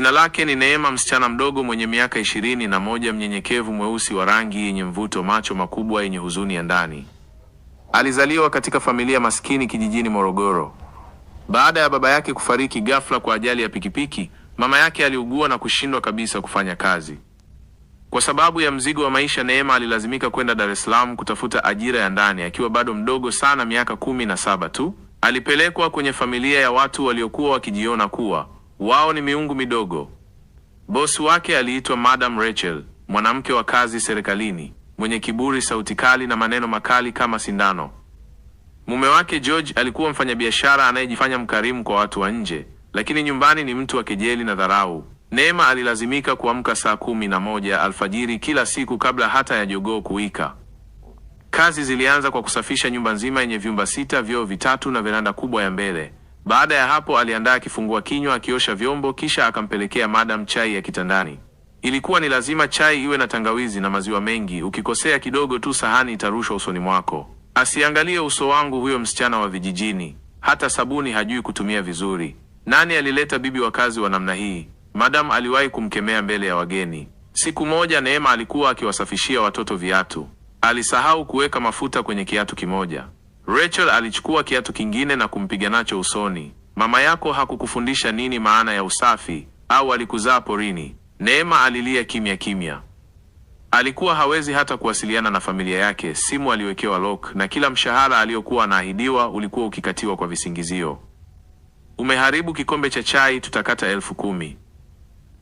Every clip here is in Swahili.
Jina lake ni Neema, msichana mdogo mwenye miaka ishirini na moja, mnyenyekevu, mweusi wa rangi yenye mvuto, macho makubwa yenye huzuni ya ndani. Alizaliwa katika familia maskini kijijini Morogoro. Baada ya baba yake kufariki ghafla kwa ajali ya pikipiki, mama yake aliugua na kushindwa kabisa kufanya kazi. Kwa sababu ya mzigo wa maisha, Neema alilazimika kwenda Dar es Salaam kutafuta ajira ya ndani. Akiwa bado mdogo sana, miaka kumi na saba tu, alipelekwa kwenye familia ya watu waliokuwa wakijiona kuwa wao ni miungu midogo. Bosi wake aliitwa Madam Rachel, mwanamke wa kazi serikalini, mwenye kiburi, sauti kali na maneno makali kama sindano. Mume wake George alikuwa mfanyabiashara anayejifanya mkarimu kwa watu wa nje, lakini nyumbani ni mtu wa kejeli na dharau. Neema alilazimika kuamka saa kumi na moja alfajiri kila siku kabla hata ya jogoo kuwika. Kazi zilianza kwa kusafisha nyumba nzima yenye vyumba sita, vyoo vitatu na veranda kubwa ya mbele. Baada ya hapo, aliandaa kifungua kinywa, akiosha vyombo, kisha akampelekea madam chai ya kitandani. Ilikuwa ni lazima chai iwe na tangawizi na maziwa mengi, ukikosea kidogo tu sahani itarushwa usoni mwako. Asiangalie uso wangu huyo msichana wa vijijini, hata sabuni hajui kutumia vizuri. Nani alileta bibi wa kazi wa namna hii? Madam aliwahi kumkemea mbele ya wageni. Siku moja Neema alikuwa akiwasafishia watoto viatu, alisahau kuweka mafuta kwenye kiatu kimoja. Rachel alichukua kiatu kingine na kumpiga nacho usoni. Mama yako hakukufundisha nini maana ya usafi au alikuzaa porini? Neema alilia kimya kimya. Alikuwa hawezi hata kuwasiliana na familia yake, simu aliwekewa lock na kila mshahara aliyokuwa anaahidiwa ulikuwa ukikatiwa kwa visingizio. Umeharibu kikombe cha chai, tutakata elfu kumi.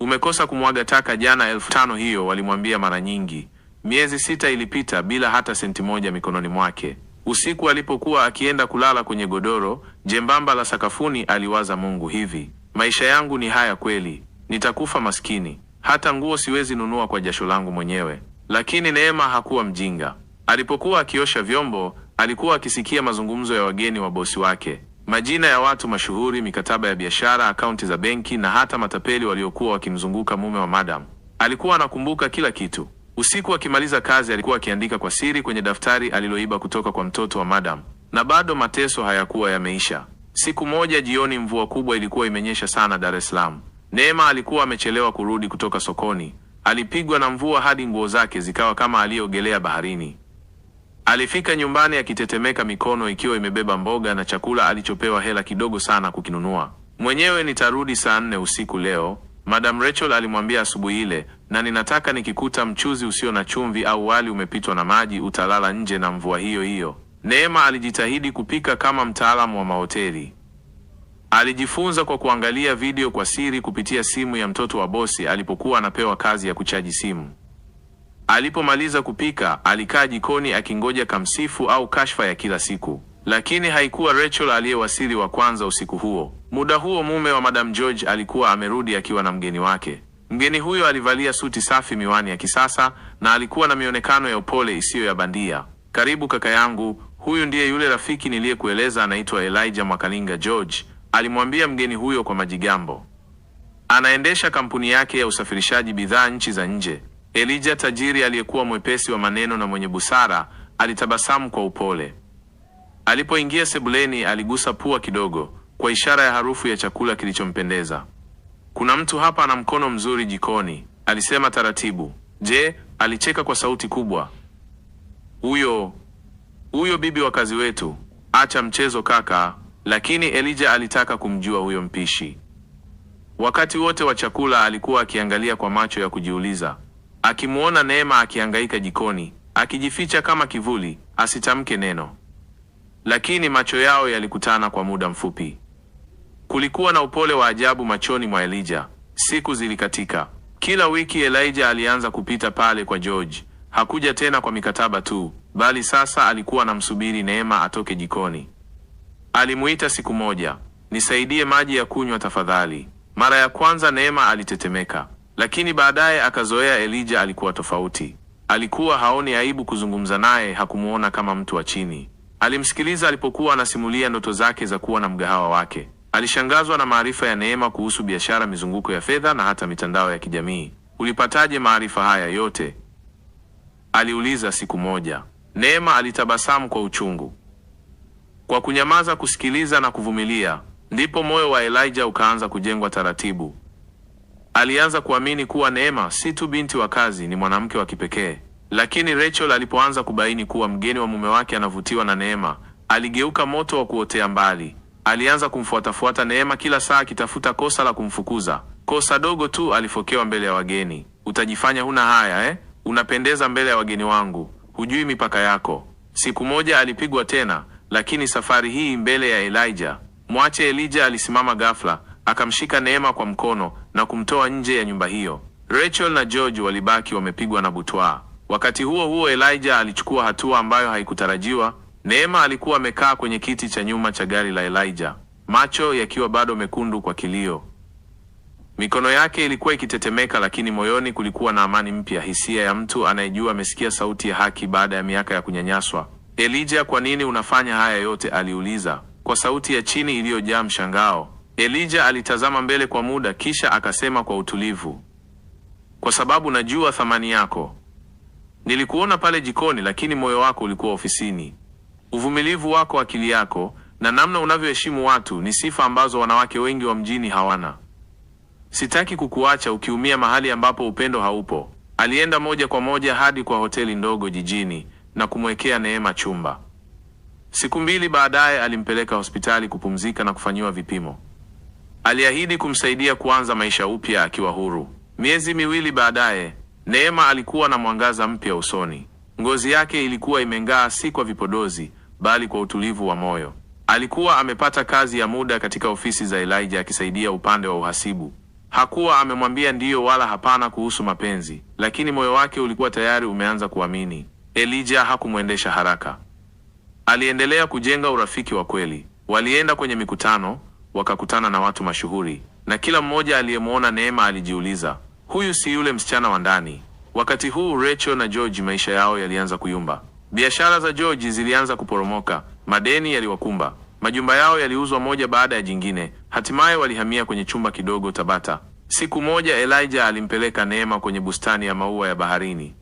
Umekosa kumwaga taka jana, elfu tano hiyo walimwambia mara nyingi. Miezi sita ilipita bila hata senti moja mikononi mwake. Usiku alipokuwa akienda kulala kwenye godoro jembamba la sakafuni, aliwaza Mungu, hivi maisha yangu ni haya kweli? Nitakufa maskini, hata nguo siwezi nunua kwa jasho langu mwenyewe. Lakini Neema hakuwa mjinga. Alipokuwa akiosha vyombo, alikuwa akisikia mazungumzo ya wageni wa bosi wake, majina ya watu mashuhuri, mikataba ya biashara, akaunti za benki na hata matapeli waliokuwa wakimzunguka mume wa madam. Alikuwa anakumbuka kila kitu. Usiku akimaliza kazi, alikuwa akiandika kwa siri kwenye daftari aliloiba kutoka kwa mtoto wa madam, na bado mateso hayakuwa yameisha. Siku moja jioni, mvua kubwa ilikuwa imenyesha sana Dar es Salaam. Neema alikuwa amechelewa kurudi kutoka sokoni. Alipigwa na mvua hadi nguo zake zikawa kama aliyeogelea baharini. Alifika nyumbani akitetemeka, mikono ikiwa imebeba mboga na chakula alichopewa hela kidogo sana kukinunua mwenyewe. Nitarudi saa nne usiku leo, Madam Rachel alimwambia asubuhi ile, na ninataka nikikuta mchuzi usio na chumvi au wali umepitwa na maji, utalala nje na mvua hiyo hiyo. Neema alijitahidi kupika kama mtaalamu wa mahoteli. Alijifunza kwa kuangalia video kwa siri kupitia simu ya mtoto wa bosi alipokuwa anapewa kazi ya kuchaji simu. Alipomaliza kupika, alikaa jikoni akingoja kamsifu au kashfa ya kila siku, lakini haikuwa Rachel aliyewasili wa kwanza usiku huo. Muda huo mume wa Madam George alikuwa amerudi akiwa na mgeni wake. Mgeni huyo alivalia suti safi, miwani ya kisasa na alikuwa na mionekano ya upole isiyo ya bandia. Karibu kaka yangu, huyu ndiye yule rafiki niliyekueleza anaitwa Elijah Mwakalinga George, alimwambia mgeni huyo kwa majigambo. Anaendesha kampuni yake ya usafirishaji bidhaa nchi za nje. Elijah, tajiri aliyekuwa mwepesi wa maneno na mwenye busara, alitabasamu kwa upole. Alipoingia sebuleni, aligusa pua kidogo kwa ishara ya harufu ya chakula kilichompendeza kuna mtu hapa ana mkono mzuri jikoni, alisema taratibu. Je, alicheka kwa sauti kubwa. Huyo huyo bibi wa kazi wetu, acha mchezo kaka. Lakini elija alitaka kumjua huyo mpishi. Wakati wote wa chakula alikuwa akiangalia kwa macho ya kujiuliza, akimuona Neema akihangaika jikoni, akijificha kama kivuli, asitamke neno. Lakini macho yao yalikutana kwa muda mfupi. Kulikuwa na upole wa ajabu machoni mwa Elijah. Siku zilikatika. Kila wiki Elijah alianza kupita pale kwa George. Hakuja tena kwa mikataba tu, bali sasa alikuwa anamsubiri Neema atoke jikoni. Alimuita siku moja, nisaidie maji ya kunywa tafadhali. Mara ya kwanza Neema alitetemeka, lakini baadaye akazoea. Elijah alikuwa tofauti. Alikuwa haoni aibu kuzungumza naye, hakumuona kama mtu wa chini. Alimsikiliza alipokuwa anasimulia ndoto zake za kuwa na mgahawa wake. Alishangazwa na maarifa ya Neema kuhusu biashara, mizunguko ya fedha na hata mitandao ya kijamii. Ulipataje maarifa haya yote? aliuliza siku moja. Neema alitabasamu kwa uchungu. Kwa kunyamaza, kusikiliza na kuvumilia, ndipo moyo wa Elijah ukaanza kujengwa taratibu. Alianza kuamini kuwa Neema si tu binti wa kazi, ni mwanamke wa kipekee. Lakini Rachel alipoanza kubaini kuwa mgeni wa mume wake anavutiwa na Neema, aligeuka moto wa kuotea mbali. Alianza kumfuatafuata Neema kila saa akitafuta kosa la kumfukuza. Kosa dogo tu alifokewa mbele ya wageni. Utajifanya huna haya eh? Unapendeza mbele ya wageni wangu, hujui mipaka yako. Siku moja alipigwa tena, lakini safari hii mbele ya Elijah. Mwache Elijah alisimama ghafla, akamshika Neema kwa mkono na kumtoa nje ya nyumba hiyo. Rachel na George walibaki wamepigwa na butwaa. Wakati huo huo, Elijah alichukua hatua ambayo haikutarajiwa. Neema alikuwa amekaa kwenye kiti cha nyuma cha gari la Elijah, macho yakiwa bado mekundu kwa kilio. Mikono yake ilikuwa ikitetemeka, lakini moyoni kulikuwa na amani mpya, hisia ya mtu anayejua amesikia sauti ya haki baada ya miaka ya kunyanyaswa. Elijah, kwa nini unafanya haya yote? aliuliza kwa sauti ya chini iliyojaa mshangao. Elijah alitazama mbele kwa muda, kisha akasema kwa utulivu, kwa sababu najua thamani yako. Nilikuona pale jikoni, lakini moyo wako ulikuwa ofisini. Uvumilivu wako, akili yako na namna unavyoheshimu watu ni sifa ambazo wanawake wengi wa mjini hawana. Sitaki kukuacha ukiumia mahali ambapo upendo haupo. Alienda moja kwa moja hadi kwa hoteli ndogo jijini na kumwekea Neema chumba. Siku mbili baadaye alimpeleka hospitali kupumzika na kufanyiwa vipimo. Aliahidi kumsaidia kuanza maisha upya akiwa huru. Miezi miwili baadaye, Neema alikuwa na mwangaza mpya usoni. Ngozi yake ilikuwa imeng'aa, si kwa vipodozi bali kwa utulivu wa moyo. Alikuwa amepata kazi ya muda katika ofisi za Elijah akisaidia upande wa uhasibu. Hakuwa amemwambia ndiyo wala hapana kuhusu mapenzi, lakini moyo wake ulikuwa tayari umeanza kuamini. Elijah hakumwendesha haraka. Aliendelea kujenga urafiki wa kweli. Walienda kwenye mikutano, wakakutana na watu mashuhuri, na kila mmoja aliyemwona Neema alijiuliza, huyu si yule msichana wa ndani? Wakati huu Rachel na George maisha yao yalianza kuyumba. Biashara za George zilianza kuporomoka, madeni yaliwakumba, majumba yao yaliuzwa moja baada ya jingine. Hatimaye walihamia kwenye chumba kidogo Tabata. Siku moja Elijah alimpeleka Neema kwenye bustani ya maua ya baharini.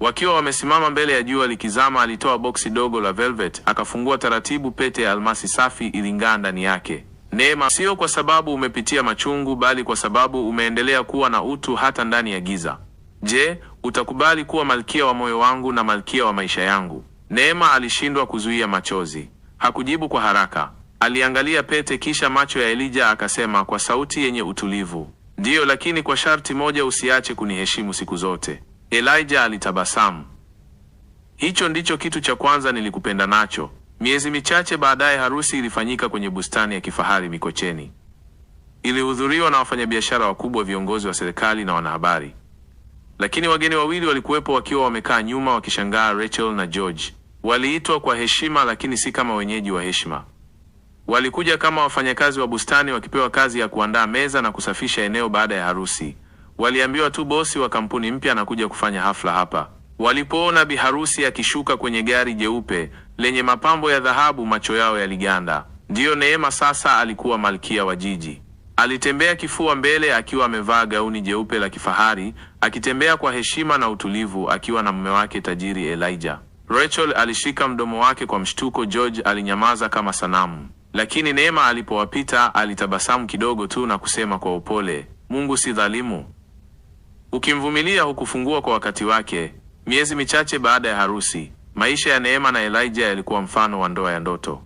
Wakiwa wamesimama mbele ya jua likizama, alitoa boksi dogo la velvet, akafungua taratibu. Pete ya almasi safi iling'aa ndani yake. Neema, sio kwa sababu umepitia machungu, bali kwa sababu umeendelea kuwa na utu hata ndani ya giza. Je, utakubali kuwa malkia wa moyo wangu na malkia wa maisha yangu. Neema alishindwa kuzuia machozi, hakujibu kwa haraka. Aliangalia pete, kisha macho ya Elija, akasema kwa sauti yenye utulivu, ndiyo, lakini kwa sharti moja, usiache kuniheshimu siku zote. Elija alitabasamu, hicho ndicho kitu cha kwanza nilikupenda nacho. Miezi michache baadaye, harusi ilifanyika kwenye bustani ya kifahari Mikocheni. Ilihudhuriwa na wafanyabiashara wakubwa, viongozi wa serikali na wanahabari lakini wageni wawili walikuwepo wakiwa wamekaa nyuma wakishangaa. Rachel na George waliitwa kwa heshima, lakini si kama wenyeji wa heshima. Walikuja kama wafanyakazi wa bustani, wakipewa kazi ya kuandaa meza na kusafisha eneo baada ya harusi. Waliambiwa tu bosi wa kampuni mpya anakuja kufanya hafla hapa. Walipoona biharusi akishuka kwenye gari jeupe lenye mapambo ya dhahabu, macho yao yaliganda. Ndiyo, Neema sasa alikuwa malkia wa jiji. Alitembea kifua mbele akiwa amevaa gauni jeupe la kifahari, akitembea kwa heshima na utulivu akiwa na mume wake tajiri Elijah. Rachel alishika mdomo wake kwa mshtuko. George alinyamaza kama sanamu, lakini Neema alipowapita alitabasamu kidogo tu na kusema kwa upole, Mungu si dhalimu, ukimvumilia hukufungua kwa wakati wake. Miezi michache baada ya harusi, maisha ya Neema na Elijah yalikuwa mfano wa ndoa ya ndoto.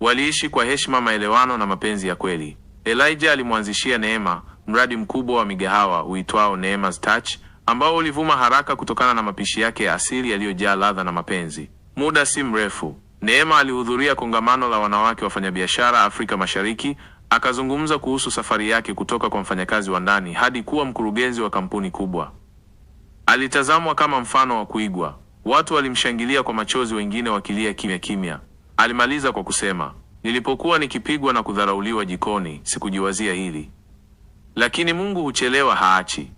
Waliishi kwa heshima, maelewano na mapenzi ya kweli. Elijah alimwanzishia Neema mradi mkubwa wa migahawa uitwao Neema's Touch ambao ulivuma haraka kutokana na mapishi yake ya asili yaliyojaa ladha na mapenzi. Muda si mrefu, Neema alihudhuria kongamano la wanawake wafanyabiashara Afrika Mashariki, akazungumza kuhusu safari yake kutoka kwa mfanyakazi wa ndani hadi kuwa mkurugenzi wa kampuni kubwa. Alitazamwa kama mfano wa kuigwa, watu walimshangilia kwa machozi, wengine wakilia kimya kimya. Alimaliza kwa kusema Nilipokuwa nikipigwa na kudharauliwa jikoni, sikujiwazia hili, lakini Mungu huchelewa, haachi,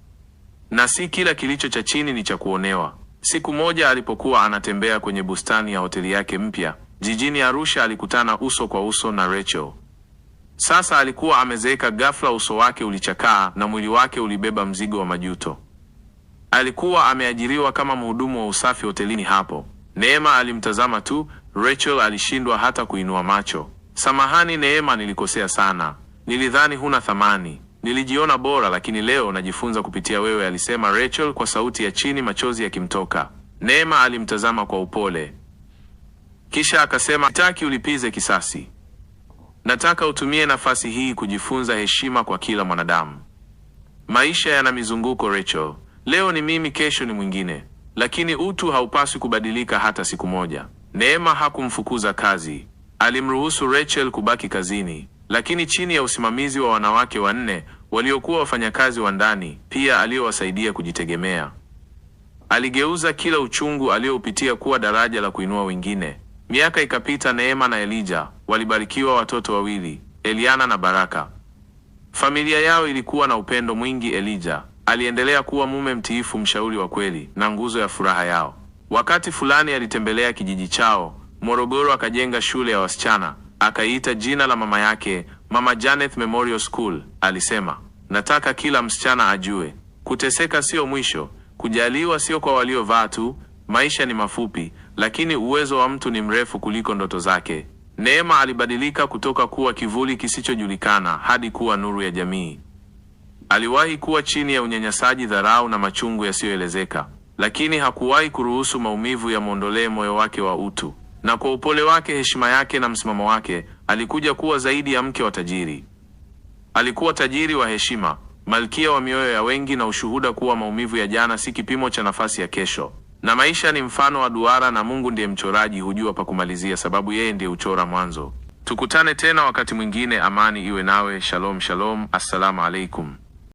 na si kila kilicho cha chini ni cha kuonewa. Siku moja alipokuwa anatembea kwenye bustani ya hoteli yake mpya jijini Arusha, alikutana uso kwa uso na Rachel. Sasa alikuwa amezeeka ghafla, uso wake ulichakaa na mwili wake ulibeba mzigo wa majuto. Alikuwa ameajiriwa kama mhudumu wa usafi hotelini hapo. Neema alimtazama tu, Rachel alishindwa hata kuinua macho. Samahani Neema, nilikosea sana, nilidhani huna thamani, nilijiona bora, lakini leo najifunza kupitia wewe, alisema Rachel kwa sauti ya chini, machozi yakimtoka. Neema alimtazama kwa upole, kisha akasema, sitaki ulipize kisasi, nataka utumie nafasi hii kujifunza heshima kwa kila mwanadamu. Maisha yana mizunguko Rachel, leo ni mimi, kesho ni mwingine, lakini utu haupaswi kubadilika hata siku moja. Neema hakumfukuza kazi Alimruhusu Rachel kubaki kazini, lakini chini ya usimamizi wa wanawake wanne waliokuwa wafanyakazi wa ndani pia aliyowasaidia kujitegemea. Aligeuza kila uchungu aliyoupitia kuwa daraja la kuinua wengine. Miaka ikapita. Neema na Elija walibarikiwa watoto wawili, Eliana na Baraka. Familia yao ilikuwa na upendo mwingi. Elija aliendelea kuwa mume mtiifu, mshauri wa kweli na nguzo ya furaha yao. Wakati fulani alitembelea kijiji chao Morogoro akajenga shule ya wasichana akaiita jina la mama yake, Mama Janeth Memorial School. Alisema, nataka kila msichana ajue kuteseka sio mwisho, kujaliwa sio kwa waliovaa tu. Maisha ni mafupi, lakini uwezo wa mtu ni mrefu kuliko ndoto zake. Neema alibadilika kutoka kuwa kivuli kisichojulikana hadi kuwa nuru ya jamii. Aliwahi kuwa chini ya unyanyasaji, dharau na machungu yasiyoelezeka, lakini hakuwahi kuruhusu maumivu yamwondolee moyo wake wa utu na kwa upole wake, heshima yake na msimamo wake, alikuja kuwa zaidi ya mke wa tajiri. Alikuwa tajiri wa heshima, malkia wa mioyo ya wengi, na ushuhuda kuwa maumivu ya jana si kipimo cha nafasi ya kesho, na maisha ni mfano wa duara, na Mungu ndiye mchoraji, hujua pa kumalizia, sababu yeye ndiye uchora mwanzo. Tukutane tena wakati mwingine. Amani iwe nawe. Shalom, shalom. Assalamu alaikum.